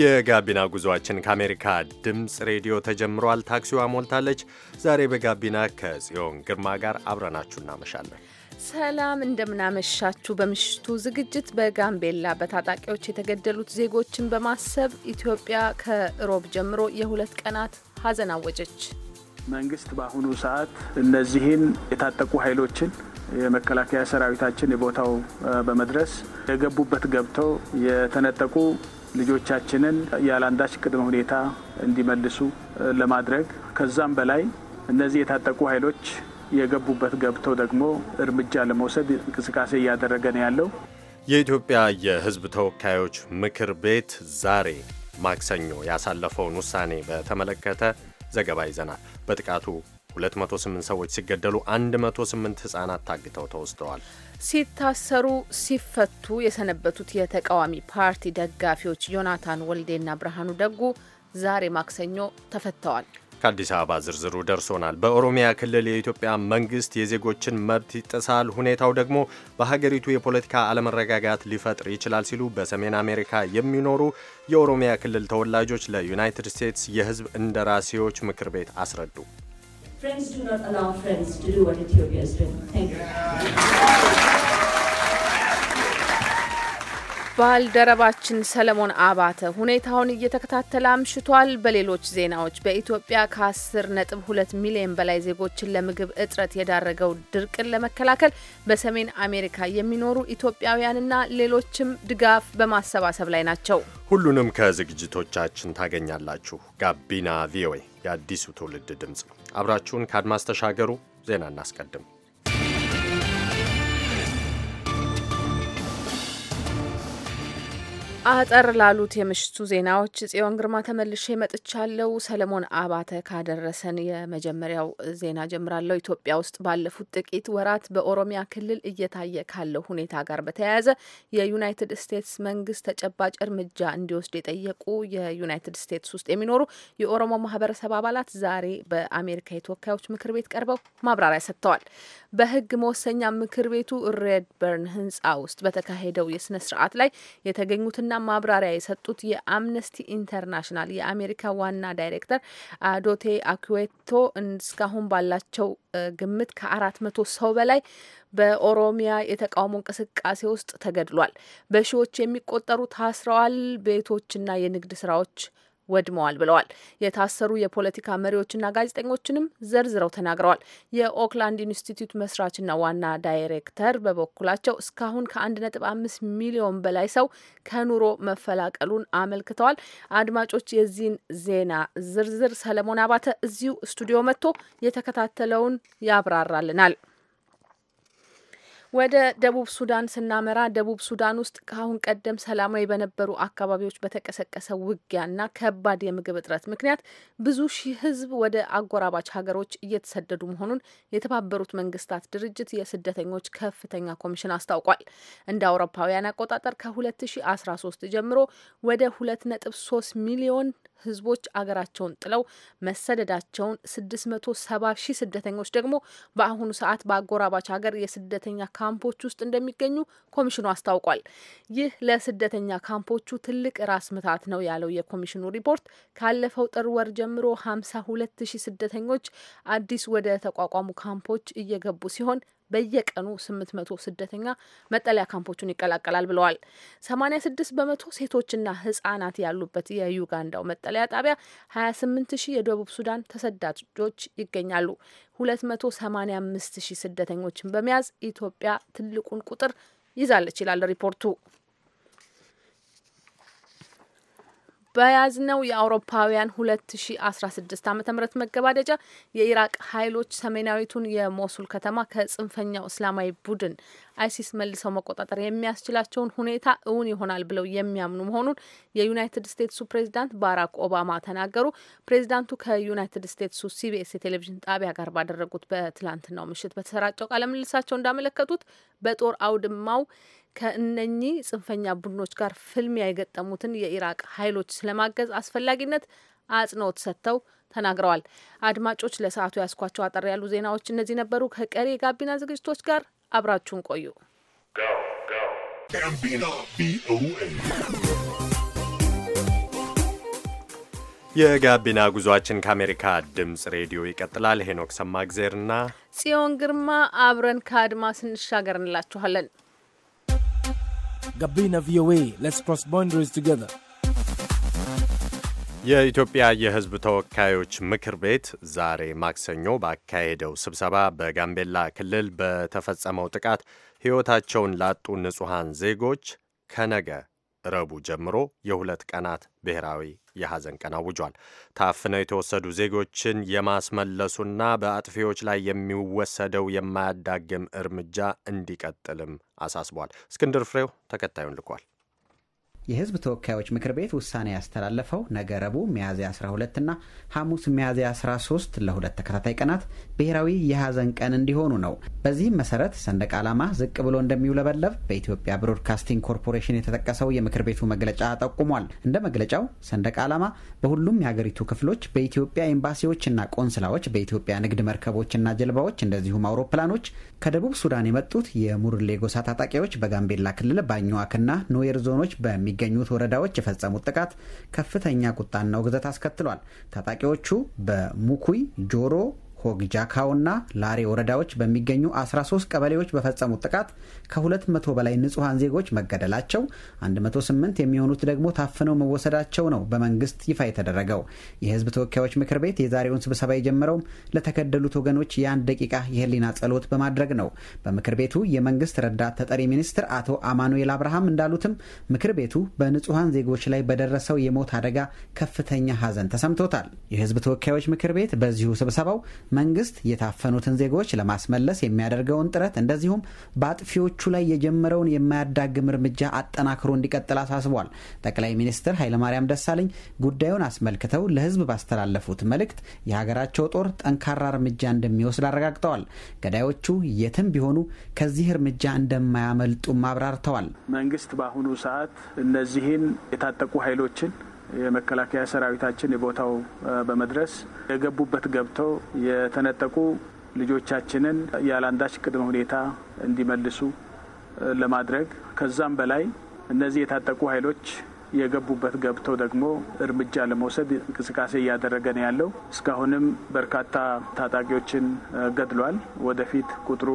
የጋቢና ጉዞአችን ከአሜሪካ ድምፅ ሬዲዮ ተጀምሯል። ታክሲዋ ሞልታለች። ዛሬ በጋቢና ከጽዮን ግርማ ጋር አብረናችሁ እናመሻለን። ሰላም እንደምናመሻችሁ። በምሽቱ ዝግጅት በጋምቤላ በታጣቂዎች የተገደሉት ዜጎችን በማሰብ ኢትዮጵያ ከሮብ ጀምሮ የሁለት ቀናት ሀዘን አወጀች። መንግስት በአሁኑ ሰዓት እነዚህን የታጠቁ ኃይሎችን የመከላከያ ሰራዊታችን የቦታው በመድረስ የገቡበት ገብተው የተነጠቁ ልጆቻችንን ያለአንዳች ቅድመ ሁኔታ እንዲመልሱ ለማድረግ ከዛም በላይ እነዚህ የታጠቁ ኃይሎች የገቡበት ገብተው ደግሞ እርምጃ ለመውሰድ እንቅስቃሴ እያደረገ ነው ያለው። የኢትዮጵያ የሕዝብ ተወካዮች ምክር ቤት ዛሬ ማክሰኞ ያሳለፈውን ውሳኔ በተመለከተ ዘገባ ይዘናል። በጥቃቱ 208 ሰዎች ሲገደሉ 108 ህጻናት ታግተው ተወስደዋል። ሲታሰሩ ሲፈቱ የሰነበቱት የተቃዋሚ ፓርቲ ደጋፊዎች ዮናታን ወልዴና ብርሃኑ ደጉ ዛሬ ማክሰኞ ተፈተዋል። ከአዲስ አበባ ዝርዝሩ ደርሶናል። በኦሮሚያ ክልል የኢትዮጵያ መንግስት የዜጎችን መብት ይጥሳል፣ ሁኔታው ደግሞ በሀገሪቱ የፖለቲካ አለመረጋጋት ሊፈጥር ይችላል ሲሉ በሰሜን አሜሪካ የሚኖሩ የኦሮሚያ ክልል ተወላጆች ለዩናይትድ ስቴትስ የህዝብ እንደራሴዎች ምክር ቤት አስረዱ። Friends do not allow friends to do what Ethiopia is doing. Thank you. ባልደረባችን ሰለሞን አባተ ሁኔታውን እየተከታተለ አምሽቷል። በሌሎች ዜናዎች በኢትዮጵያ ከ10 ነጥብ 2 ሚሊዮን በላይ ዜጎችን ለምግብ እጥረት የዳረገው ድርቅን ለመከላከል በሰሜን አሜሪካ የሚኖሩ ኢትዮጵያውያንና ሌሎችም ድጋፍ በማሰባሰብ ላይ ናቸው። ሁሉንም ከዝግጅቶቻችን ታገኛላችሁ። ጋቢና ቪኦኤ የአዲሱ ትውልድ ድምፅ ነው። አብራችሁን ከአድማስ ተሻገሩ። ዜና እናስቀድም። አጠር ላሉት የምሽቱ ዜናዎች ጽዮን ግርማ ተመልሼ መጥቻለሁ። ሰለሞን አባተ ካደረሰን የመጀመሪያው ዜና ጀምራለሁ። ኢትዮጵያ ውስጥ ባለፉት ጥቂት ወራት በኦሮሚያ ክልል እየታየ ካለው ሁኔታ ጋር በተያያዘ የዩናይትድ ስቴትስ መንግስት ተጨባጭ እርምጃ እንዲወስድ የጠየቁ የዩናይትድ ስቴትስ ውስጥ የሚኖሩ የኦሮሞ ማህበረሰብ አባላት ዛሬ በአሜሪካ የተወካዮች ምክር ቤት ቀርበው ማብራሪያ ሰጥተዋል። በህግ መወሰኛ ምክር ቤቱ ሬድበርን ህንጻ ውስጥ በተካሄደው የስነ ስርዓት ላይ የተገኙትና ማብራሪያ የሰጡት የአምነስቲ ኢንተርናሽናል የአሜሪካ ዋና ዳይሬክተር አዶቴ አኩዌቶ እስካሁን ባላቸው ግምት ከአራት መቶ ሰው በላይ በኦሮሚያ የተቃውሞ እንቅስቃሴ ውስጥ ተገድሏል። በሺዎች የሚቆጠሩ ታስረዋል። ቤቶችና የንግድ ስራዎች ወድመዋል ብለዋል። የታሰሩ የፖለቲካ መሪዎችና ጋዜጠኞችንም ዘርዝረው ተናግረዋል። የኦክላንድ ኢንስቲትዩት መስራችና ዋና ዳይሬክተር በበኩላቸው እስካሁን ከ1.5 ሚሊዮን በላይ ሰው ከኑሮ መፈላቀሉን አመልክተዋል። አድማጮች፣ የዚህን ዜና ዝርዝር ሰለሞን አባተ እዚሁ ስቱዲዮ መጥቶ የተከታተለውን ያብራራልናል። ወደ ደቡብ ሱዳን ስናመራ ደቡብ ሱዳን ውስጥ ከአሁን ቀደም ሰላማዊ በነበሩ አካባቢዎች በተቀሰቀሰ ውጊያና ከባድ የምግብ እጥረት ምክንያት ብዙ ሺህ ሕዝብ ወደ አጎራባች ሀገሮች እየተሰደዱ መሆኑን የተባበሩት መንግስታት ድርጅት የስደተኞች ከፍተኛ ኮሚሽን አስታውቋል። እንደ አውሮፓውያን አቆጣጠር ከ2013 ጀምሮ ወደ 2.3 ሚሊዮን ህዝቦች አገራቸውን ጥለው መሰደዳቸውን፣ 670 ሺህ ስደተኞች ደግሞ በአሁኑ ሰዓት በአጎራባች ሀገር የስደተኛ ካምፖች ውስጥ እንደሚገኙ ኮሚሽኑ አስታውቋል። ይህ ለስደተኛ ካምፖቹ ትልቅ ራስ ምታት ነው ያለው የኮሚሽኑ ሪፖርት ካለፈው ጥር ወር ጀምሮ 52 ሺህ ስደተኞች አዲስ ወደ ተቋቋሙ ካምፖች እየገቡ ሲሆን በየቀኑ 800 ስደተኛ መጠለያ ካምፖቹን ይቀላቀላል ብለዋል። 86 በመቶ ሴቶችና ህጻናት ያሉበት የዩጋንዳው መጠለያ ጣቢያ 28 ሺህ የደቡብ ሱዳን ተሰዳጆች ይገኛሉ። 285 ሺህ ስደተኞችን በመያዝ ኢትዮጵያ ትልቁን ቁጥር ይዛለች ይላል ሪፖርቱ። በያዝነው የአውሮፓውያን 2016 ዓ ም መገባደጃ የኢራቅ ኃይሎች ሰሜናዊቱን የሞሱል ከተማ ከጽንፈኛው እስላማዊ ቡድን አይሲስ መልሰው መቆጣጠር የሚያስችላቸውን ሁኔታ እውን ይሆናል ብለው የሚያምኑ መሆኑን የዩናይትድ ስቴትሱ ፕሬዚዳንት ባራክ ኦባማ ተናገሩ። ፕሬዚዳንቱ ከዩናይትድ ስቴትሱ ሲቢኤስ የቴሌቪዥን ጣቢያ ጋር ባደረጉት በትላንትናው ምሽት በተሰራጨው ቃለ ምልልሳቸው እንዳመለከቱት በጦር አውድማው ከእነኚህ ጽንፈኛ ቡድኖች ጋር ፍልሚያ የገጠሙትን የኢራቅ ኃይሎች ስለማገዝ አስፈላጊነት አጽንኦት ሰጥተው ተናግረዋል። አድማጮች፣ ለሰዓቱ ያስኳቸው አጠር ያሉ ዜናዎች እነዚህ ነበሩ። ከቀሪ የጋቢና ዝግጅቶች ጋር አብራችሁን ቆዩ። የጋቢና ጉዟችን ከአሜሪካ ድምፅ ሬዲዮ ይቀጥላል። ሄኖክ ሰማግዜርና ጽዮን ግርማ አብረን ከአድማስ እንሻገር እንላችኋለን። ጋቢና ቪኦኤ ሌትስ ክሮስ ቦንደሪስ ቱጌዘር። የኢትዮጵያ የሕዝብ ተወካዮች ምክር ቤት ዛሬ ማክሰኞ ባካሄደው ስብሰባ በጋምቤላ ክልል በተፈጸመው ጥቃት ሕይወታቸውን ላጡ ንጹሐን ዜጎች ከነገ ረቡ ጀምሮ የሁለት ቀናት ብሔራዊ የሐዘን ቀን አውጇል። ታፍነው የተወሰዱ ዜጎችን የማስመለሱና በአጥፊዎች ላይ የሚወሰደው የማያዳግም እርምጃ እንዲቀጥልም አሳስቧል። እስክንድር ፍሬው ተከታዩን ልኳል። የህዝብ ተወካዮች ምክር ቤት ውሳኔ ያስተላለፈው ነገ ረቡዕ ሚያዝያ 12ና ሐሙስ ሚያዝያ 13 ለሁለት ተከታታይ ቀናት ብሔራዊ የሐዘን ቀን እንዲሆኑ ነው። በዚህም መሰረት ሰንደቅ ዓላማ ዝቅ ብሎ እንደሚውለበለብ በኢትዮጵያ ብሮድካስቲንግ ኮርፖሬሽን የተጠቀሰው የምክር ቤቱ መግለጫ ጠቁሟል። እንደ መግለጫው ሰንደቅ ዓላማ በሁሉም የአገሪቱ ክፍሎች በኢትዮጵያ ኤምባሲዎችና ቆንስላዎች፣ በኢትዮጵያ ንግድ መርከቦችና ጀልባዎች እንደዚሁም አውሮፕላኖች ከደቡብ ሱዳን የመጡት የሙርሌ ጎሳ ታጣቂዎች በጋምቤላ ክልል ባኝዋክና ኖዌር ዞኖች በሚ የሚገኙት ወረዳዎች የፈጸሙት ጥቃት ከፍተኛ ቁጣና ውግዘት አስከትሏል። ታጣቂዎቹ በሙኩይ ጆሮ ና ላሬ ወረዳዎች በሚገኙ 13 ቀበሌዎች በፈጸሙት ጥቃት ከ200 በላይ ንጹሐን ዜጎች መገደላቸው 108 የሚሆኑት ደግሞ ታፍነው መወሰዳቸው ነው በመንግስት ይፋ የተደረገው። የህዝብ ተወካዮች ምክር ቤት የዛሬውን ስብሰባ የጀመረውም ለተገደሉት ወገኖች የአንድ ደቂቃ የህሊና ጸሎት በማድረግ ነው። በምክር ቤቱ የመንግስት ረዳት ተጠሪ ሚኒስትር አቶ አማኑኤል አብርሃም እንዳሉትም ምክር ቤቱ በንጹሐን ዜጎች ላይ በደረሰው የሞት አደጋ ከፍተኛ ሀዘን ተሰምቶታል። የህዝብ ተወካዮች ምክር ቤት በዚሁ ስብሰባው መንግስት የታፈኑትን ዜጎች ለማስመለስ የሚያደርገውን ጥረት እንደዚሁም በአጥፊዎቹ ላይ የጀመረውን የማያዳግም እርምጃ አጠናክሮ እንዲቀጥል አሳስቧል። ጠቅላይ ሚኒስትር ኃይለማርያም ደሳለኝ ጉዳዩን አስመልክተው ለህዝብ ባስተላለፉት መልእክት የሀገራቸው ጦር ጠንካራ እርምጃ እንደሚወስድ አረጋግጠዋል። ገዳዮቹ የትም ቢሆኑ ከዚህ እርምጃ እንደማያመልጡም አብራርተዋል። መንግስት በአሁኑ ሰዓት እነዚህን የታጠቁ ኃይሎችን የመከላከያ ሰራዊታችን የቦታው በመድረስ የገቡበት ገብተው የተነጠቁ ልጆቻችንን ያለአንዳች ቅድመ ሁኔታ እንዲመልሱ ለማድረግ ከዛም በላይ እነዚህ የታጠቁ ኃይሎች የገቡበት ገብተው ደግሞ እርምጃ ለመውሰድ እንቅስቃሴ እያደረገ ነው ያለው። እስካሁንም በርካታ ታጣቂዎችን ገድሏል። ወደፊት ቁጥሩ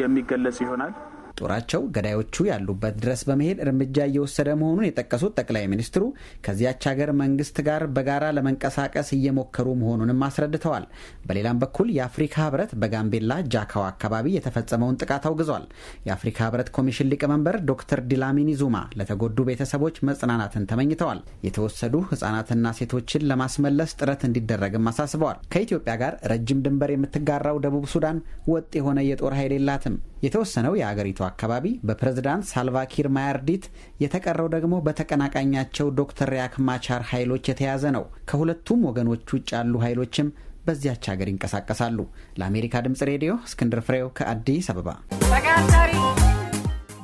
የሚገለጽ ይሆናል። ጦራቸው ገዳዮቹ ያሉበት ድረስ በመሄድ እርምጃ እየወሰደ መሆኑን የጠቀሱት ጠቅላይ ሚኒስትሩ ከዚያች ሀገር መንግስት ጋር በጋራ ለመንቀሳቀስ እየሞከሩ መሆኑንም አስረድተዋል። በሌላም በኩል የአፍሪካ ህብረት በጋምቤላ ጃካዋ አካባቢ የተፈጸመውን ጥቃት አውግዟል። የአፍሪካ ህብረት ኮሚሽን ሊቀመንበር ዶክተር ዲላሚኒ ዙማ ለተጎዱ ቤተሰቦች መጽናናትን ተመኝተዋል። የተወሰዱ ህጻናትና ሴቶችን ለማስመለስ ጥረት እንዲደረግም አሳስበዋል። ከኢትዮጵያ ጋር ረጅም ድንበር የምትጋራው ደቡብ ሱዳን ወጥ የሆነ የጦር ኃይል የላትም። የተወሰነው የአገሪቱ አካባቢ በፕሬዝዳንት ሳልቫኪር ማያርዲት፣ የተቀረው ደግሞ በተቀናቃኛቸው ዶክተር ሪያክ ማቻር ኃይሎች የተያዘ ነው። ከሁለቱም ወገኖች ውጭ ያሉ ኃይሎችም በዚያች ሀገር ይንቀሳቀሳሉ። ለአሜሪካ ድምጽ ሬዲዮ እስክንድር ፍሬው ከአዲስ አበባ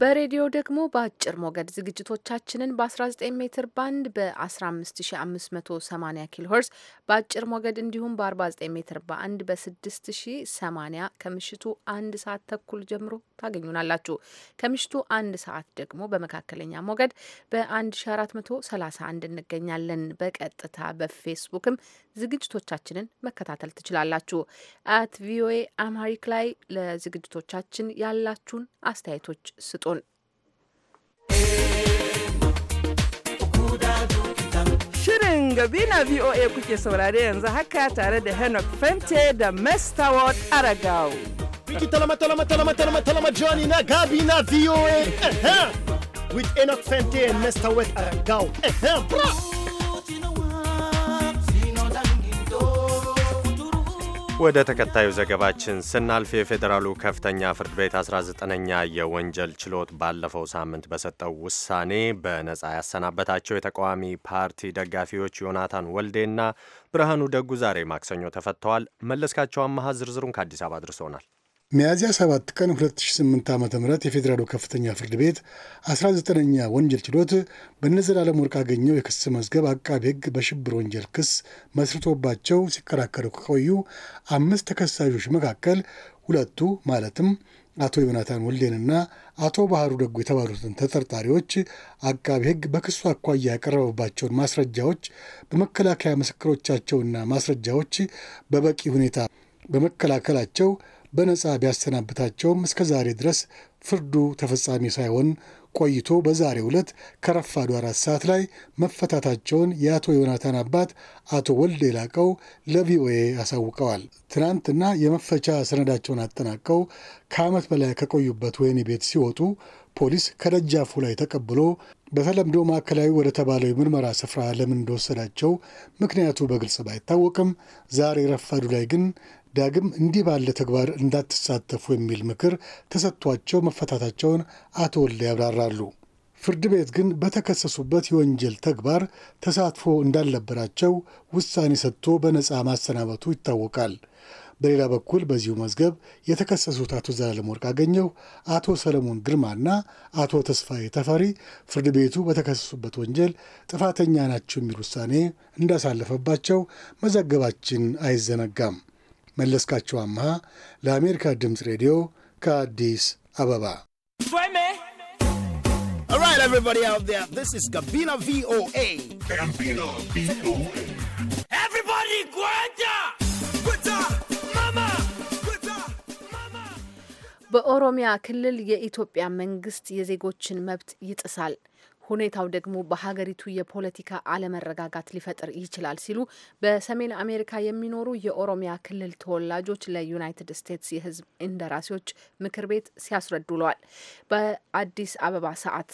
በሬዲዮ ደግሞ በአጭር ሞገድ ዝግጅቶቻችንን በ19 ሜትር ባንድ በ15580 ኪሎ ሄርዝ በአጭር ሞገድ እንዲሁም በ49 ሜትር ባንድ በ6080 ከምሽቱ አንድ ሰዓት ተኩል ጀምሮ ታገኙናላችሁ። ከምሽቱ አንድ ሰዓት ደግሞ በመካከለኛ ሞገድ በ1431 እንገኛለን። በቀጥታ በፌስቡክም ዝግጅቶቻችንን መከታተል ትችላላችሁ። አት ቪኦኤ አማሪክ ላይ ለዝግጅቶቻችን ያላችሁን አስተያየቶች ስጡ። Shirin Gabina VOA kuke saurare yanzu haka tare da Henok Fente da Mr. Ward aragao. Wiki talama talama talama talama talama Johnny na Gabina VOA. With Enoch Fente and Mr. Ward aragao. Bra! ወደ ተከታዩ ዘገባችን ስናልፍ የፌዴራሉ ከፍተኛ ፍርድ ቤት 19ኛ የወንጀል ችሎት ባለፈው ሳምንት በሰጠው ውሳኔ በነጻ ያሰናበታቸው የተቃዋሚ ፓርቲ ደጋፊዎች ዮናታን ወልዴና ብርሃኑ ደጉ ዛሬ ማክሰኞ ተፈተዋል። መለስካቸው አመሀ ዝርዝሩን ከአዲስ አበባ አድርሶናል። ሚያዝያ 7 ቀን 2008 ዓ ም የፌዴራሉ ከፍተኛ ፍርድ ቤት 19ኛ ወንጀል ችሎት በነዘላለም ወርቅ አገኘው የክስ መዝገብ አቃቢ ሕግ በሽብር ወንጀል ክስ መስርቶባቸው ሲከራከሩ ከቆዩ አምስት ተከሳሾች መካከል ሁለቱ ማለትም አቶ ዮናታን ወልዴንና አቶ ባህሩ ደጉ የተባሉትን ተጠርጣሪዎች አቃቢ ሕግ በክሱ አኳያ ያቀረበባቸውን ማስረጃዎች በመከላከያ ምስክሮቻቸውና ማስረጃዎች በበቂ ሁኔታ በመከላከላቸው በነጻ ቢያሰናብታቸውም እስከ ዛሬ ድረስ ፍርዱ ተፈጻሚ ሳይሆን ቆይቶ በዛሬ ዕለት ከረፋዱ አራት ሰዓት ላይ መፈታታቸውን የአቶ ዮናታን አባት አቶ ወልደ የላቀው ለቪኦኤ አሳውቀዋል። ትናንትና የመፈቻ ሰነዳቸውን አጠናቀው ከዓመት በላይ ከቆዩበት ወህኒ ቤት ሲወጡ ፖሊስ ከደጃፉ ላይ ተቀብሎ በተለምዶ ማዕከላዊ ወደ ተባለው የምርመራ ስፍራ ለምን እንደወሰዳቸው ምክንያቱ በግልጽ ባይታወቅም ዛሬ ረፋዱ ላይ ግን ዳግም እንዲህ ባለ ተግባር እንዳትሳተፉ የሚል ምክር ተሰጥቷቸው መፈታታቸውን አቶ ወልደ ያብራራሉ። ፍርድ ቤት ግን በተከሰሱበት የወንጀል ተግባር ተሳትፎ እንዳልነበራቸው ውሳኔ ሰጥቶ በነፃ ማሰናበቱ ይታወቃል። በሌላ በኩል በዚሁ መዝገብ የተከሰሱት አቶ ዘላለም ወርቅ አገኘው፣ አቶ ሰለሞን ግርማና አቶ ተስፋዬ ተፈሪ ፍርድ ቤቱ በተከሰሱበት ወንጀል ጥፋተኛ ናቸው የሚል ውሳኔ እንዳሳለፈባቸው መዘገባችን አይዘነጋም። መለስካቸው አምሃ ለአሜሪካ ድምፅ ሬዲዮ ከአዲስ አበባ። በኦሮሚያ ክልል የኢትዮጵያ መንግስት የዜጎችን መብት ይጥሳል ሁኔታው ደግሞ በሀገሪቱ የፖለቲካ አለመረጋጋት ሊፈጥር ይችላል ሲሉ በሰሜን አሜሪካ የሚኖሩ የኦሮሚያ ክልል ተወላጆች ለዩናይትድ ስቴትስ የሕዝብ እንደራሴዎች ምክር ቤት ሲያስረዱ ውለዋል። በአዲስ አበባ ሰዓት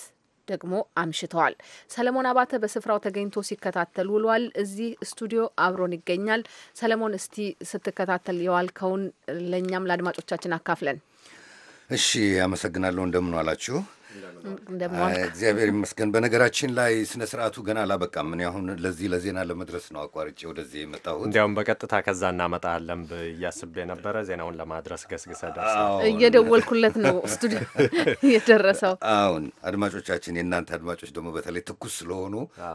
ደግሞ አምሽተዋል። ሰለሞን አባተ በስፍራው ተገኝቶ ሲከታተል ውሏል። እዚህ ስቱዲዮ አብሮን ይገኛል። ሰለሞን፣ እስቲ ስትከታተል የዋልከውን ለእኛም ለአድማጮቻችን አካፍለን። እሺ፣ አመሰግናለሁ። እንደምን ዋላችሁ? እግዚአብሔር ይመስገን። በነገራችን ላይ ስነ ስርዓቱ ገና አላበቃም። እኔ አሁን ለዚህ ለዜና ለመድረስ ነው አቋርጬ ወደዚህ የመጣሁት። እንዲያውም በቀጥታ ከዛ እናመጣለን ብያስብ የነበረ ዜናውን ለማድረስ ገስግሰ ደርሰ እየደወልኩለት ነው ስቱዲዮ የደረሰው። አሁን አድማጮቻችን፣ የእናንተ አድማጮች ደግሞ በተለይ ትኩስ ስለሆኑ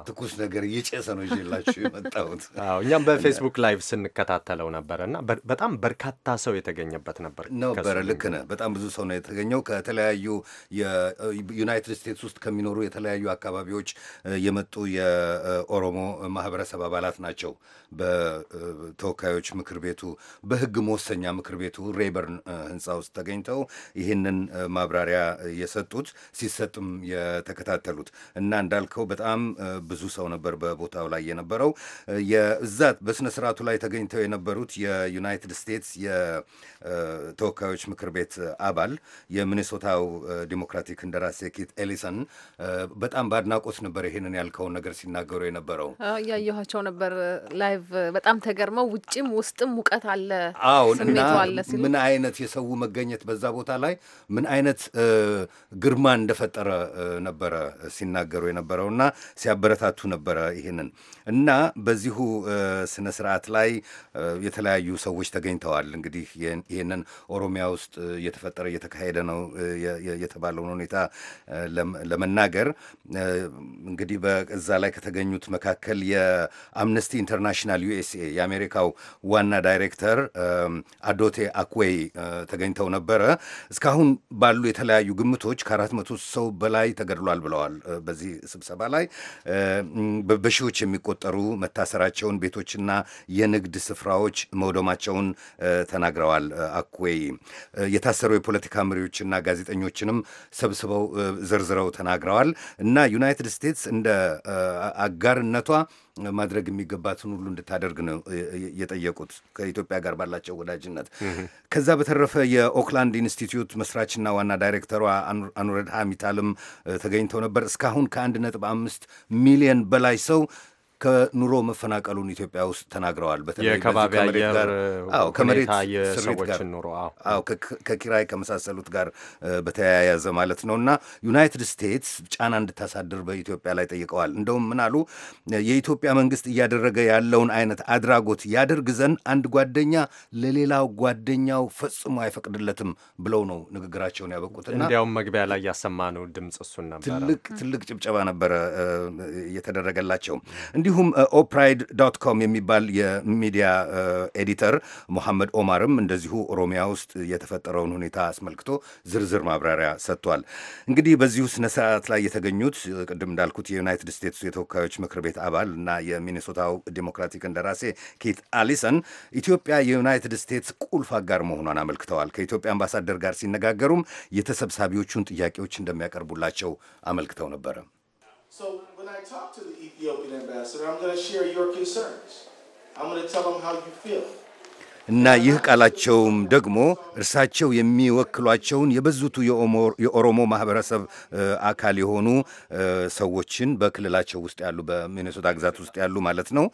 ትኩስ ነገር እየጨሰ ነው ይዤላችሁ የመጣሁት። እኛም በፌስቡክ ላይቭ ስንከታተለው ነበረ እና በጣም በርካታ ሰው የተገኘበት ነበር ነበረ። ልክ ነህ። በጣም ብዙ ሰው ነው የተገኘው ከተለያዩ ዩናይትድ ስቴትስ ውስጥ ከሚኖሩ የተለያዩ አካባቢዎች የመጡ የኦሮሞ ማህበረሰብ አባላት ናቸው። በተወካዮች ምክር ቤቱ በህግ መወሰኛ ምክር ቤቱ ሬበርን ህንፃ ውስጥ ተገኝተው ይህንን ማብራሪያ የሰጡት ሲሰጥም የተከታተሉት እና እንዳልከው በጣም ብዙ ሰው ነበር በቦታው ላይ የነበረው። የእዛት በስነ ስርዓቱ ላይ ተገኝተው የነበሩት የዩናይትድ ስቴትስ የተወካዮች ምክር ቤት አባል የሚኔሶታው ዲሞክራቲክ እንደ ደራሲ ኬት ኤሊሰን በጣም በአድናቆት ነበር ይሄንን ያልከውን ነገር ሲናገሩ የነበረው። እያየኋቸው ነበር ላይቭ በጣም ተገርመው፣ ውጭም ውስጥም ሙቀት አለ፣ አዎ እና ምን አይነት የሰው መገኘት በዛ ቦታ ላይ ምን አይነት ግርማ እንደፈጠረ ነበረ ሲናገሩ የነበረውና ሲያበረታቱ ነበረ ይህንን እና በዚሁ ስነ ስርዓት ላይ የተለያዩ ሰዎች ተገኝተዋል። እንግዲህ ይህንን ኦሮሚያ ውስጥ እየተፈጠረ እየተካሄደ ነው የተባለውን ሁኔታ ለመናገር እንግዲህ በዛ ላይ ከተገኙት መካከል የአምነስቲ ኢንተርናሽናል ዩኤስኤ የአሜሪካው ዋና ዳይሬክተር አዶቴ አኩዌይ ተገኝተው ነበረ። እስካሁን ባሉ የተለያዩ ግምቶች ከአራት መቶ ሰው በላይ ተገድሏል ብለዋል። በዚህ ስብሰባ ላይ በሺዎች የሚቆጠሩ መታሰራቸውን፣ ቤቶችና የንግድ ስፍራዎች መውደማቸውን ተናግረዋል። አኩዌይ የታሰሩ የፖለቲካ መሪዎችና ጋዜጠኞችንም ሰብስበ አጥብበው ዘርዝረው ተናግረዋል እና ዩናይትድ ስቴትስ እንደ አጋርነቷ ማድረግ የሚገባትን ሁሉ እንድታደርግ ነው የጠየቁት ከኢትዮጵያ ጋር ባላቸው ወዳጅነት። ከዛ በተረፈ የኦክላንድ ኢንስቲትዩት መስራችና ዋና ዳይሬክተሯ አኑረድ ሀሚታልም ተገኝተው ነበር። እስካሁን ከአንድ ነጥብ አምስት ሚሊዮን በላይ ሰው ከኑሮ መፈናቀሉን ኢትዮጵያ ውስጥ ተናግረዋል። በተለይ ከመሬት ስሪት ጋር ከኪራይ ከመሳሰሉት ጋር በተያያዘ ማለት ነው እና ዩናይትድ ስቴትስ ጫና እንድታሳድር በኢትዮጵያ ላይ ጠይቀዋል። እንደውም ምን አሉ? የኢትዮጵያ መንግስት እያደረገ ያለውን አይነት አድራጎት ያደርግ ዘንድ አንድ ጓደኛ ለሌላው ጓደኛው ፈጽሞ አይፈቅድለትም ብለው ነው ንግግራቸውን ያበቁትና እንዲያውም መግቢያ ላይ ያሰማነው ድምፅ እሱን ነበረ። ትልቅ ትልቅ ጭብጨባ ነበረ እየተደረገላቸው እንዲሁ እንዲሁም ኦፕራይድ ዶት ኮም የሚባል የሚዲያ uh, ኤዲተር ሙሐመድ ኦማርም እንደዚሁ ኦሮሚያ ውስጥ የተፈጠረውን ሁኔታ አስመልክቶ ዝርዝር ማብራሪያ ሰጥቷል። እንግዲህ በዚሁ ስነ ስርዓት ላይ የተገኙት uh, ቅድም እንዳልኩት የዩናይትድ ስቴትስ የተወካዮች ምክር ቤት አባል እና የሚኒሶታው ዲሞክራቲክ እንደራሴ ኬት አሊሰን ኢትዮጵያ የዩናይትድ ስቴትስ ቁልፍ አጋር መሆኗን አመልክተዋል። ከኢትዮጵያ አምባሳደር ጋር ሲነጋገሩም የተሰብሳቢዎቹን ጥያቄዎች እንደሚያቀርቡላቸው አመልክተው ነበረ። I talk to the Ethiopian ambassador, I'm going to share your concerns. I'm going to tell him how you feel. እና ይህ ቃላቸውም ደግሞ እርሳቸው የሚወክሏቸውን የበዙቱ የኦሮሞ ማህበረሰብ አካል የሆኑ ሰዎችን በክልላቸው ውስጥ ያሉ በሚኔሶታ ግዛት ውስጥ ያሉ ማለት ነው።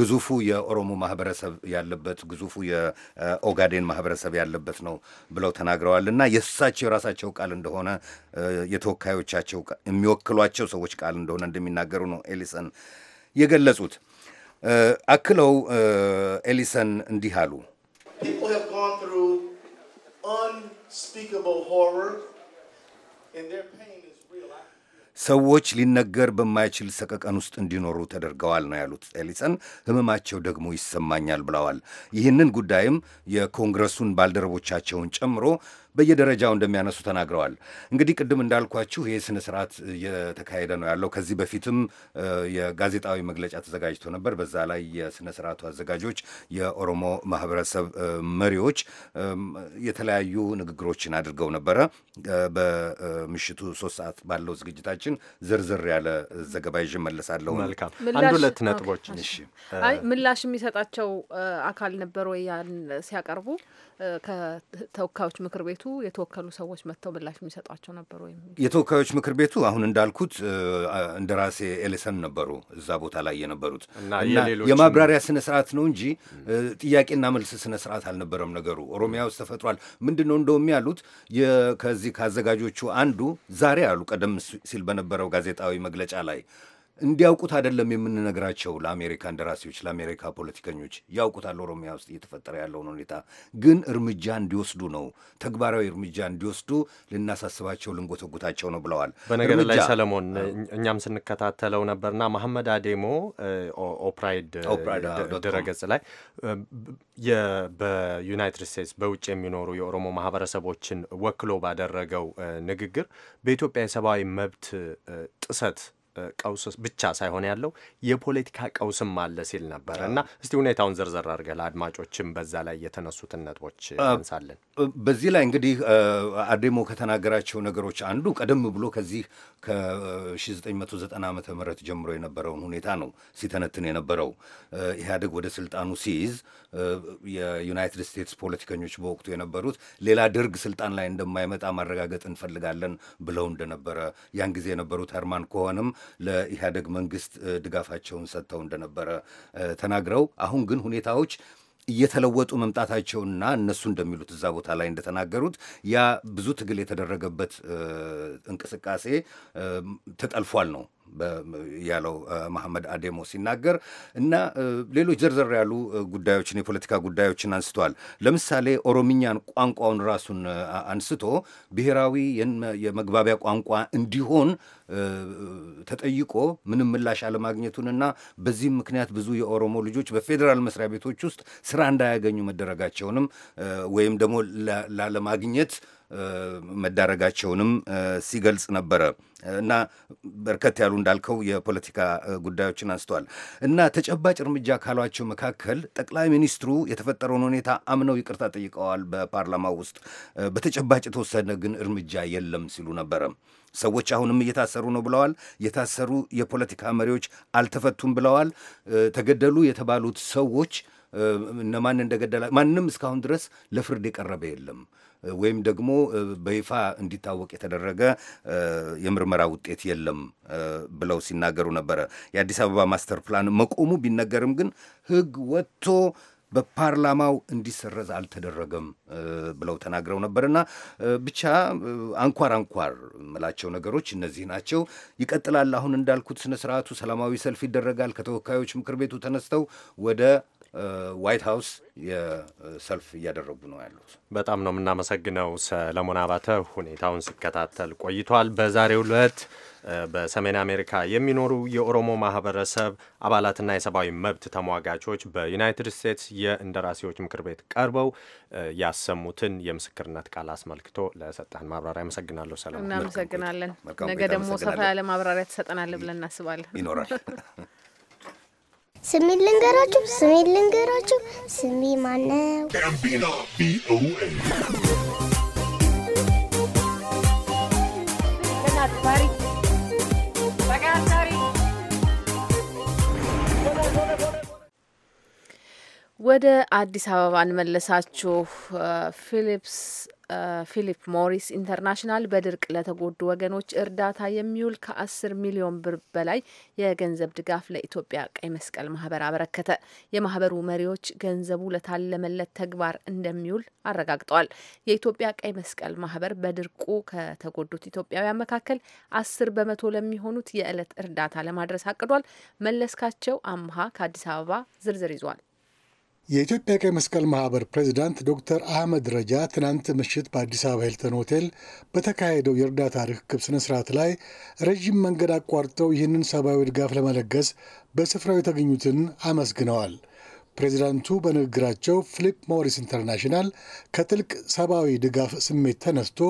ግዙፉ የኦሮሞ ማህበረሰብ ያለበት ግዙፉ የኦጋዴን ማህበረሰብ ያለበት ነው ብለው ተናግረዋል እና የእሳቸው የራሳቸው ቃል እንደሆነ የተወካዮቻቸው የሚወክሏቸው ሰዎች ቃል እንደሆነ እንደሚናገሩ ነው ኤሊሰን የገለጹት። አክለው ኤሊሰን እንዲህ አሉ። ሰዎች ሊነገር በማይችል ሰቀቀን ውስጥ እንዲኖሩ ተደርገዋል ነው ያሉት ኤሊሰን። ህመማቸው ደግሞ ይሰማኛል ብለዋል። ይህንን ጉዳይም የኮንግረሱን ባልደረቦቻቸውን ጨምሮ በየደረጃው እንደሚያነሱ ተናግረዋል። እንግዲህ ቅድም እንዳልኳችሁ ይህ ስነ ስርዓት እየተካሄደ ነው ያለው። ከዚህ በፊትም የጋዜጣዊ መግለጫ ተዘጋጅቶ ነበር። በዛ ላይ የስነ ስርዓቱ አዘጋጆች የኦሮሞ ማህበረሰብ መሪዎች የተለያዩ ንግግሮችን አድርገው ነበረ። በምሽቱ ሶስት ሰዓት ባለው ዝግጅታችን ዝርዝር ያለ ዘገባ ይዤ አንድ ሁለት ነጥቦች ምላሽ የሚሰጣቸው አካል ነበር ወይ? ያን ሲያቀርቡ ከተወካዮች ምክር ቤቱ የተወከሉ ሰዎች መጥተው ምላሽ የሚሰጧቸው ነበሩ። ወይም የተወካዮች ምክር ቤቱ አሁን እንዳልኩት እንደራሴ ኤሌሰን ነበሩ እዛ ቦታ ላይ የነበሩት እና የማብራሪያ ስነ ስርዓት ነው እንጂ ጥያቄና መልስ ስነ ስርዓት አልነበረም። ነገሩ ኦሮሚያ ውስጥ ተፈጥሯል። ምንድን ነው እንደውም ያሉት ከዚህ ከአዘጋጆቹ አንዱ ዛሬ አሉ፣ ቀደም ሲል በነበረው ጋዜጣዊ መግለጫ ላይ እንዲያውቁት አይደለም የምንነግራቸው ለአሜሪካ እንደራሴዎች፣ ለአሜሪካ ፖለቲከኞች ያውቁታል ኦሮሚያ ውስጥ እየተፈጠረ ያለውን ሁኔታ። ግን እርምጃ እንዲወስዱ ነው ተግባራዊ እርምጃ እንዲወስዱ ልናሳስባቸው፣ ልንጎተጉታቸው ነው ብለዋል። በነገር ላይ ሰለሞን፣ እኛም ስንከታተለው ነበርና መሐመድ አዴሞ ኦፕራይድ ድረገጽ ላይ በዩናይትድ ስቴትስ በውጭ የሚኖሩ የኦሮሞ ማህበረሰቦችን ወክሎ ባደረገው ንግግር በኢትዮጵያ የሰብአዊ መብት ጥሰት ቀውስ ብቻ ሳይሆን ያለው የፖለቲካ ቀውስም አለ ሲል ነበር እና እስቲ ሁኔታውን ዘርዘር አድርገህ ለአድማጮችም በዛ ላይ የተነሱትን ነጥቦች እንሳለን። በዚህ ላይ እንግዲህ አዴሞ ከተናገራቸው ነገሮች አንዱ ቀደም ብሎ ከዚህ ከ1990 ዓ ም ጀምሮ የነበረውን ሁኔታ ነው ሲተነትን የነበረው። ኢህአዴግ ወደ ስልጣኑ ሲይዝ የዩናይትድ ስቴትስ ፖለቲከኞች በወቅቱ የነበሩት ሌላ ደርግ ስልጣን ላይ እንደማይመጣ ማረጋገጥ እንፈልጋለን ብለው እንደነበረ ያን ጊዜ የነበሩት ሀርማን ኮኸንም ለኢህአደግ መንግስት ድጋፋቸውን ሰጥተው እንደነበረ ተናግረው አሁን ግን ሁኔታዎች እየተለወጡ መምጣታቸውና እነሱ እንደሚሉት እዛ ቦታ ላይ እንደተናገሩት ያ ብዙ ትግል የተደረገበት እንቅስቃሴ ተጠልፏል ነው ያለው መሐመድ አዴሞ ሲናገር እና ሌሎች ዘርዘር ያሉ ጉዳዮችን የፖለቲካ ጉዳዮችን አንስተዋል። ለምሳሌ ኦሮምኛን ቋንቋውን ራሱን አንስቶ ብሔራዊ የመግባቢያ ቋንቋ እንዲሆን ተጠይቆ ምንም ምላሽ አለማግኘቱንና በዚህም ምክንያት ብዙ የኦሮሞ ልጆች በፌዴራል መስሪያ ቤቶች ውስጥ ስራ እንዳያገኙ መደረጋቸውንም ወይም ደግሞ ላለማግኘት መዳረጋቸውንም ሲገልጽ ነበረ እና በርከት ያሉ እንዳልከው የፖለቲካ ጉዳዮችን አንስተዋል እና ተጨባጭ እርምጃ ካሏቸው መካከል ጠቅላይ ሚኒስትሩ የተፈጠረውን ሁኔታ አምነው ይቅርታ ጠይቀዋል በፓርላማ ውስጥ። በተጨባጭ የተወሰነ ግን እርምጃ የለም ሲሉ ነበረ። ሰዎች አሁንም እየታሰሩ ነው ብለዋል። የታሰሩ የፖለቲካ መሪዎች አልተፈቱም ብለዋል። ተገደሉ የተባሉት ሰዎች እነማን እንደገደላ ማንም እስካሁን ድረስ ለፍርድ የቀረበ የለም። ወይም ደግሞ በይፋ እንዲታወቅ የተደረገ የምርመራ ውጤት የለም ብለው ሲናገሩ ነበረ። የአዲስ አበባ ማስተር ፕላን መቆሙ ቢነገርም ግን ህግ ወጥቶ በፓርላማው እንዲሰረዝ አልተደረገም ብለው ተናግረው ነበርና ብቻ አንኳር አንኳር ምላቸው ነገሮች እነዚህ ናቸው። ይቀጥላል። አሁን እንዳልኩት ስነ ስርዓቱ ሰላማዊ ሰልፍ ይደረጋል። ከተወካዮች ምክር ቤቱ ተነስተው ወደ ዋይት ሀውስ የሰልፍ እያደረጉ ነው ያሉት። በጣም ነው የምናመሰግነው ሰለሞን አባተ ሁኔታውን ሲከታተል ቆይቷል። በዛሬው ዕለት በሰሜን አሜሪካ የሚኖሩ የኦሮሞ ማህበረሰብ አባላትና የሰብአዊ መብት ተሟጋቾች በዩናይትድ ስቴትስ የእንደራሴዎች ምክር ቤት ቀርበው ያሰሙትን የምስክርነት ቃል አስመልክቶ ለሰጠህን ማብራሪያ አመሰግናለሁ ሰለሞን። እናመሰግናለን። ነገ ደግሞ ሰፋ ያለ ማብራሪያ ትሰጠናለህ ብለን እናስባለን። ይኖራል። ስሜ ልንገራችሁ ስሜ ልንገራችሁ ስሜ ማነው? ወደ አዲስ አበባ እንመለሳችሁ። ፊሊፕስ ፊሊፕ ሞሪስ ኢንተርናሽናል በድርቅ ለተጎዱ ወገኖች እርዳታ የሚውል ከአስር ሚሊዮን ብር በላይ የገንዘብ ድጋፍ ለኢትዮጵያ ቀይ መስቀል ማህበር አበረከተ። የማህበሩ መሪዎች ገንዘቡ ለታለመለት ተግባር እንደሚውል አረጋግጠዋል። የኢትዮጵያ ቀይ መስቀል ማህበር በድርቁ ከተጎዱት ኢትዮጵያውያን መካከል አስር በመቶ ለሚሆኑት የዕለት እርዳታ ለማድረስ አቅዷል። መለስካቸው አምሃ ከአዲስ አበባ ዝርዝር ይዟል። የኢትዮጵያ ቀይ መስቀል ማህበር ፕሬዚዳንት ዶክተር አህመድ ረጃ ትናንት ምሽት በአዲስ አበባ ሂልተን ሆቴል በተካሄደው የእርዳታ ርክክብ ስነ ስርዓት ላይ ረዥም መንገድ አቋርጠው ይህንን ሰብአዊ ድጋፍ ለመለገስ በስፍራው የተገኙትን አመስግነዋል። ፕሬዚዳንቱ በንግግራቸው ፊሊፕ ሞሪስ ኢንተርናሽናል ከጥልቅ ሰብአዊ ድጋፍ ስሜት ተነስቶ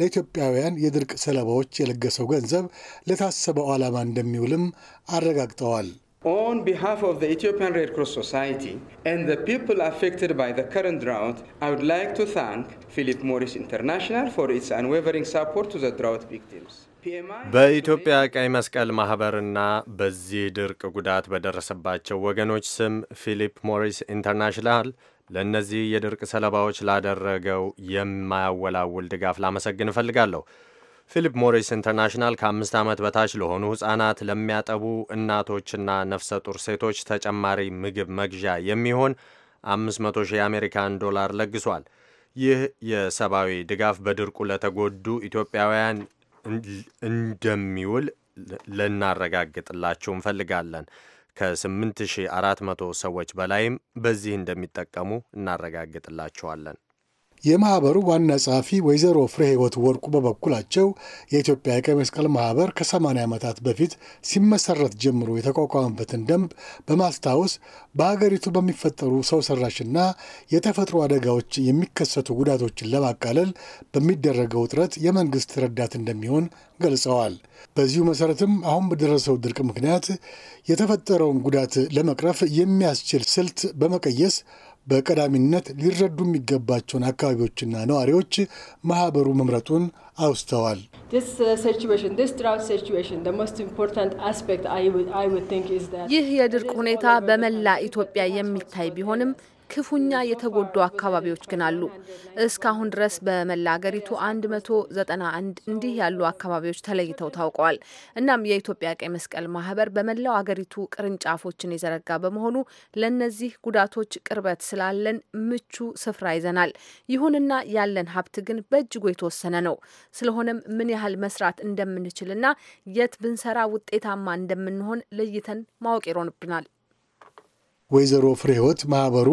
ለኢትዮጵያውያን የድርቅ ሰለባዎች የለገሰው ገንዘብ ለታሰበው ዓላማ እንደሚውልም አረጋግጠዋል። On behalf of the Ethiopian Red Cross Society and the people affected by the current drought, I would like to thank Philip Morris International for its unwavering support to the drought victims. በኢትዮጵያ ቀይ መስቀል ማህበርና በዚህ ድርቅ ጉዳት በደረሰባቸው ወገኖች ስም ፊሊፕ ሞሪስ ኢንተርናሽናል ለእነዚህ የድርቅ ሰለባዎች ላደረገው የማያወላውል ድጋፍ ላመሰግን እፈልጋለሁ። ፊሊፕ ሞሪስ ኢንተርናሽናል ከአምስት ዓመት በታች ለሆኑ ሕፃናት፣ ለሚያጠቡ እናቶችና ነፍሰ ጡር ሴቶች ተጨማሪ ምግብ መግዣ የሚሆን 500 ሺህ የአሜሪካን ዶላር ለግሷል። ይህ የሰብአዊ ድጋፍ በድርቁ ለተጎዱ ኢትዮጵያውያን እንደሚውል ልናረጋግጥላችሁ እንፈልጋለን። ከ8400 ሰዎች በላይም በዚህ እንደሚጠቀሙ እናረጋግጥላችኋለን። የማህበሩ ዋና ጸሐፊ ወይዘሮ ፍሬ ህይወት ወርቁ በበኩላቸው የኢትዮጵያ የቀይ መስቀል ማህበር ከ80 ዓመታት በፊት ሲመሰረት ጀምሮ የተቋቋመበትን ደንብ በማስታወስ በሀገሪቱ በሚፈጠሩ ሰው ሰራሽና የተፈጥሮ አደጋዎች የሚከሰቱ ጉዳቶችን ለማቃለል በሚደረገው ጥረት የመንግሥት ረዳት እንደሚሆን ገልጸዋል። በዚሁ መሠረትም አሁን በደረሰው ድርቅ ምክንያት የተፈጠረውን ጉዳት ለመቅረፍ የሚያስችል ስልት በመቀየስ በቀዳሚነት ሊረዱ የሚገባቸውን አካባቢዎችና ነዋሪዎች ማህበሩ መምረጡን አውስተዋል። uh, ይህ የድርቅ ሁኔታ በመላ ኢትዮጵያ የሚታይ ቢሆንም ክፉኛ የተጎዱ አካባቢዎች ግን አሉ። እስካሁን ድረስ በመላ አገሪቱ 191 እንዲህ ያሉ አካባቢዎች ተለይተው ታውቀዋል። እናም የኢትዮጵያ ቀይ መስቀል ማህበር በመላው አገሪቱ ቅርንጫፎችን የዘረጋ በመሆኑ ለእነዚህ ጉዳቶች ቅርበት ስላለን ምቹ ስፍራ ይዘናል። ይሁንና ያለን ሀብት ግን በእጅጉ የተወሰነ ነው። ስለሆነም ምን ያህል መስራት እንደምንችልና የት ብንሰራ ውጤታማ እንደምንሆን ለይተን ማወቅ ይሮንብናል። ወይዘሮ ፍሬህይወት ማህበሩ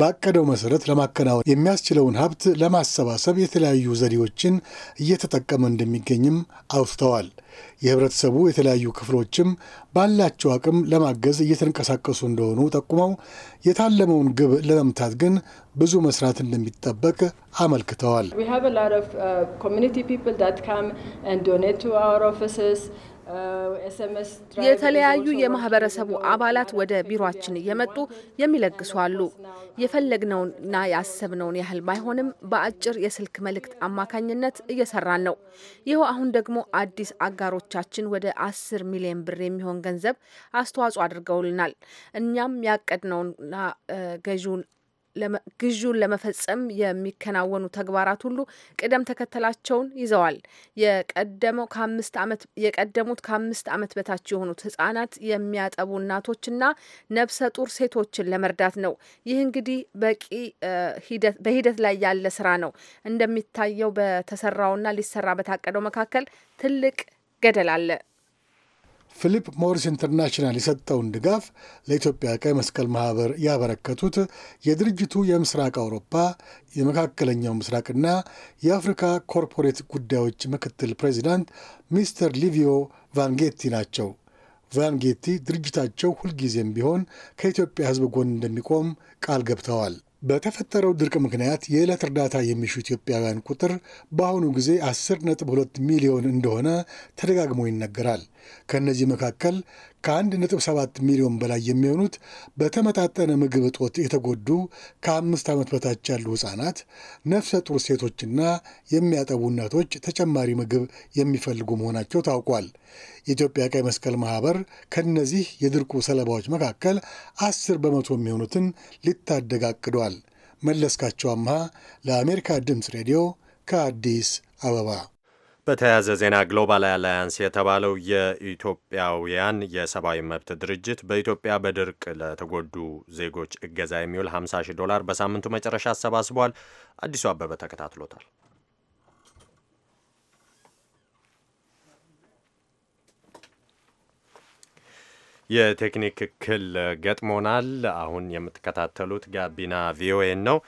ባቀደው መሰረት ለማከናወን የሚያስችለውን ሀብት ለማሰባሰብ የተለያዩ ዘዴዎችን እየተጠቀመ እንደሚገኝም አውስተዋል። የህብረተሰቡ የተለያዩ ክፍሎችም ባላቸው አቅም ለማገዝ እየተንቀሳቀሱ እንደሆኑ ጠቁመው የታለመውን ግብ ለመምታት ግን ብዙ መስራት እንደሚጠበቅ አመልክተዋል። የተለያዩ የማህበረሰቡ አባላት ወደ ቢሮችን እየመጡ የሚለግሱ አሉ። የፈለግነውና ያሰብነውን ያህል ባይሆንም በአጭር የስልክ መልእክት አማካኝነት እየሰራን ነው። ይኸው አሁን ደግሞ አዲስ አጋሮቻችን ወደ አስር ሚሊዮን ብር የሚሆን ገንዘብ አስተዋጽኦ አድርገውልናል። እኛም ያቀድነውና ገዢውን ግዥውን ለመፈጸም የሚከናወኑ ተግባራት ሁሉ ቅደም ተከተላቸውን ይዘዋል። የቀደመው ከአምስት ዓመት የቀደሙት ከአምስት ዓመት በታች የሆኑት ህጻናት የሚያጠቡ እናቶችና ነብሰ ጡር ሴቶችን ለመርዳት ነው። ይህ እንግዲህ በቂ በሂደት ላይ ያለ ስራ ነው። እንደሚታየው በተሰራውና ሊሰራ በታቀደው መካከል ትልቅ ገደል አለ። ፊሊፕ ሞሪስ ኢንተርናሽናል የሰጠውን ድጋፍ ለኢትዮጵያ ቀይ መስቀል ማህበር ያበረከቱት የድርጅቱ የምስራቅ አውሮፓ የመካከለኛው ምስራቅና የአፍሪካ ኮርፖሬት ጉዳዮች ምክትል ፕሬዚዳንት ሚስተር ሊቪዮ ቫንጌቲ ናቸው። ቫንጌቲ ድርጅታቸው ሁልጊዜም ቢሆን ከኢትዮጵያ ሕዝብ ጎን እንደሚቆም ቃል ገብተዋል። በተፈጠረው ድርቅ ምክንያት የዕለት እርዳታ የሚሹ ኢትዮጵያውያን ቁጥር በአሁኑ ጊዜ 10.2 ሚሊዮን እንደሆነ ተደጋግሞ ይነገራል። ከእነዚህ መካከል ከ1.7 ሚሊዮን በላይ የሚሆኑት በተመጣጠነ ምግብ እጦት የተጎዱ ከአምስት ዓመት በታች ያሉ ሕፃናት፣ ነፍሰ ጡር ሴቶችና የሚያጠቡ እናቶች ተጨማሪ ምግብ የሚፈልጉ መሆናቸው ታውቋል። የኢትዮጵያ ቀይ መስቀል ማህበር ከእነዚህ የድርቁ ሰለባዎች መካከል አስር በመቶ የሚሆኑትን ሊታደግ አቅዷል። መለስካቸው አምሃ ለአሜሪካ ድምፅ ሬዲዮ ከአዲስ አበባ በተያያዘ ዜና ግሎባል አላያንስ የተባለው የኢትዮጵያውያን የሰብአዊ መብት ድርጅት በኢትዮጵያ በድርቅ ለተጎዱ ዜጎች እገዛ የሚውል 50 ሺህ ዶላር በሳምንቱ መጨረሻ አሰባስቧል። አዲሱ አበበ ተከታትሎታል። የቴክኒክ እክል ገጥሞናል። አሁን የምትከታተሉት ጋቢና ቪኦኤን ነው።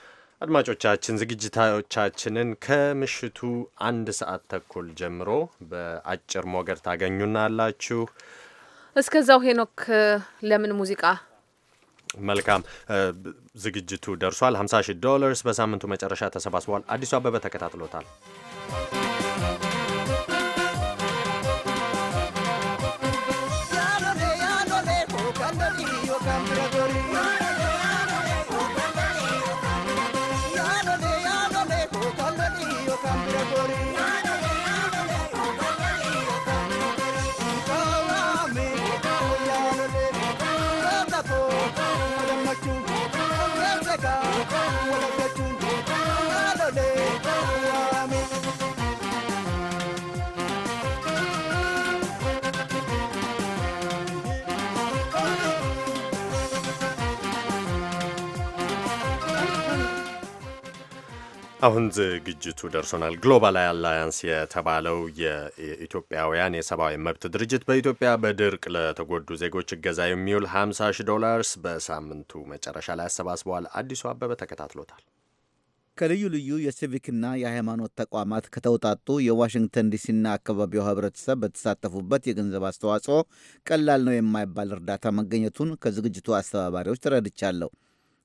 አድማጮቻችን ዝግጅታዎቻችንን ከምሽቱ አንድ ሰዓት ተኩል ጀምሮ በአጭር ሞገድ ታገኙናላችሁ። እስከዛው ሄኖክ ለምን ሙዚቃ መልካም ዝግጅቱ ደርሷል። 50 ሺህ ዶላርስ በሳምንቱ መጨረሻ ተሰባስበዋል። አዲሱ አበበ ተከታትሎታል። oh, አሁን ዝግጅቱ ደርሶናል። ግሎባል አላያንስ የተባለው የኢትዮጵያውያን የሰብአዊ መብት ድርጅት በኢትዮጵያ በድርቅ ለተጎዱ ዜጎች እገዛ የሚውል 50 ሺ ዶላርስ በሳምንቱ መጨረሻ ላይ አሰባስበዋል። አዲሱ አበበ ተከታትሎታል። ከልዩ ልዩ የሲቪክና የሃይማኖት ተቋማት ከተውጣጡ የዋሽንግተን ዲሲና አካባቢው ህብረተሰብ በተሳተፉበት የገንዘብ አስተዋጽኦ ቀላል ነው የማይባል እርዳታ መገኘቱን ከዝግጅቱ አስተባባሪዎች ተረድቻለሁ።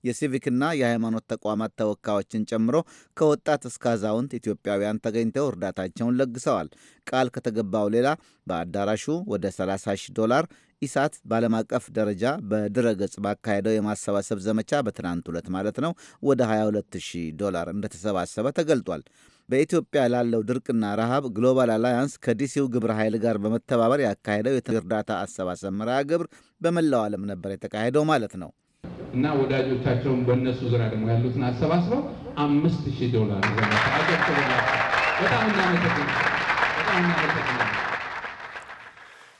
የሲቪክና የሃይማኖት ተቋማት ተወካዮችን ጨምሮ ከወጣት እስከ አዛውንት ኢትዮጵያውያን ተገኝተው እርዳታቸውን ለግሰዋል። ቃል ከተገባው ሌላ በአዳራሹ ወደ 30 ሺህ ዶላር ኢሳት በዓለም አቀፍ ደረጃ በድረገጽ ባካሄደው የማሰባሰብ ዘመቻ በትናንት ሁለት ማለት ነው ወደ 22 ሺህ ዶላር እንደተሰባሰበ ተገልጧል። በኢትዮጵያ ላለው ድርቅና ረሃብ ግሎባል አላያንስ ከዲሲው ግብረ ኃይል ጋር በመተባበር ያካሄደው የእርዳታ አሰባሰብ መርሃ ግብር በመላው ዓለም ነበር የተካሄደው ማለት ነው። እና ወዳጆቻቸውን በእነሱ ዙሪያ ደግሞ ያሉትን አሰባስበው አምስት ሺህ ዶላር በጣም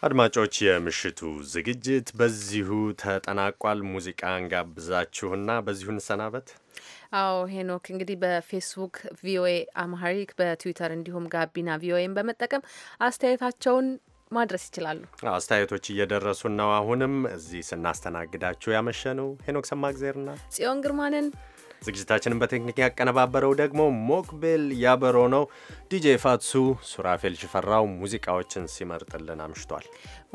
አድማጮች የምሽቱ ዝግጅት በዚሁ ተጠናቋል። ሙዚቃ እንጋብዛችሁና በዚሁ እንሰናበት። አዎ ሄኖክ፣ እንግዲህ በፌስቡክ ቪኦኤ አምሃሪክ፣ በትዊተር እንዲሁም ጋቢና ቪኦኤን በመጠቀም አስተያየታቸውን ማድረስ ይችላሉ። አስተያየቶች እየደረሱን ነው። አሁንም እዚህ ስናስተናግዳችሁ ነው ሄኖክ ሰማግዜርና ጽዮን ግርማንን ዝግጅታችንን በቴክኒክ ያቀነባበረው ደግሞ ሞክቤል ያበሮ ነው። ዲጄ ፋትሱ ሱራፌል ሽፈራው ሙዚቃዎችን ሲመርጥልን አምሽቷል።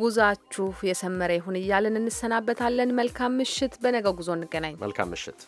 ጉዟችሁ የሰመረ ይሁን እያልን እንሰናበታለን። መልካም ምሽት። በነገው ጉዞ እንገናኝ። መልካም ምሽት።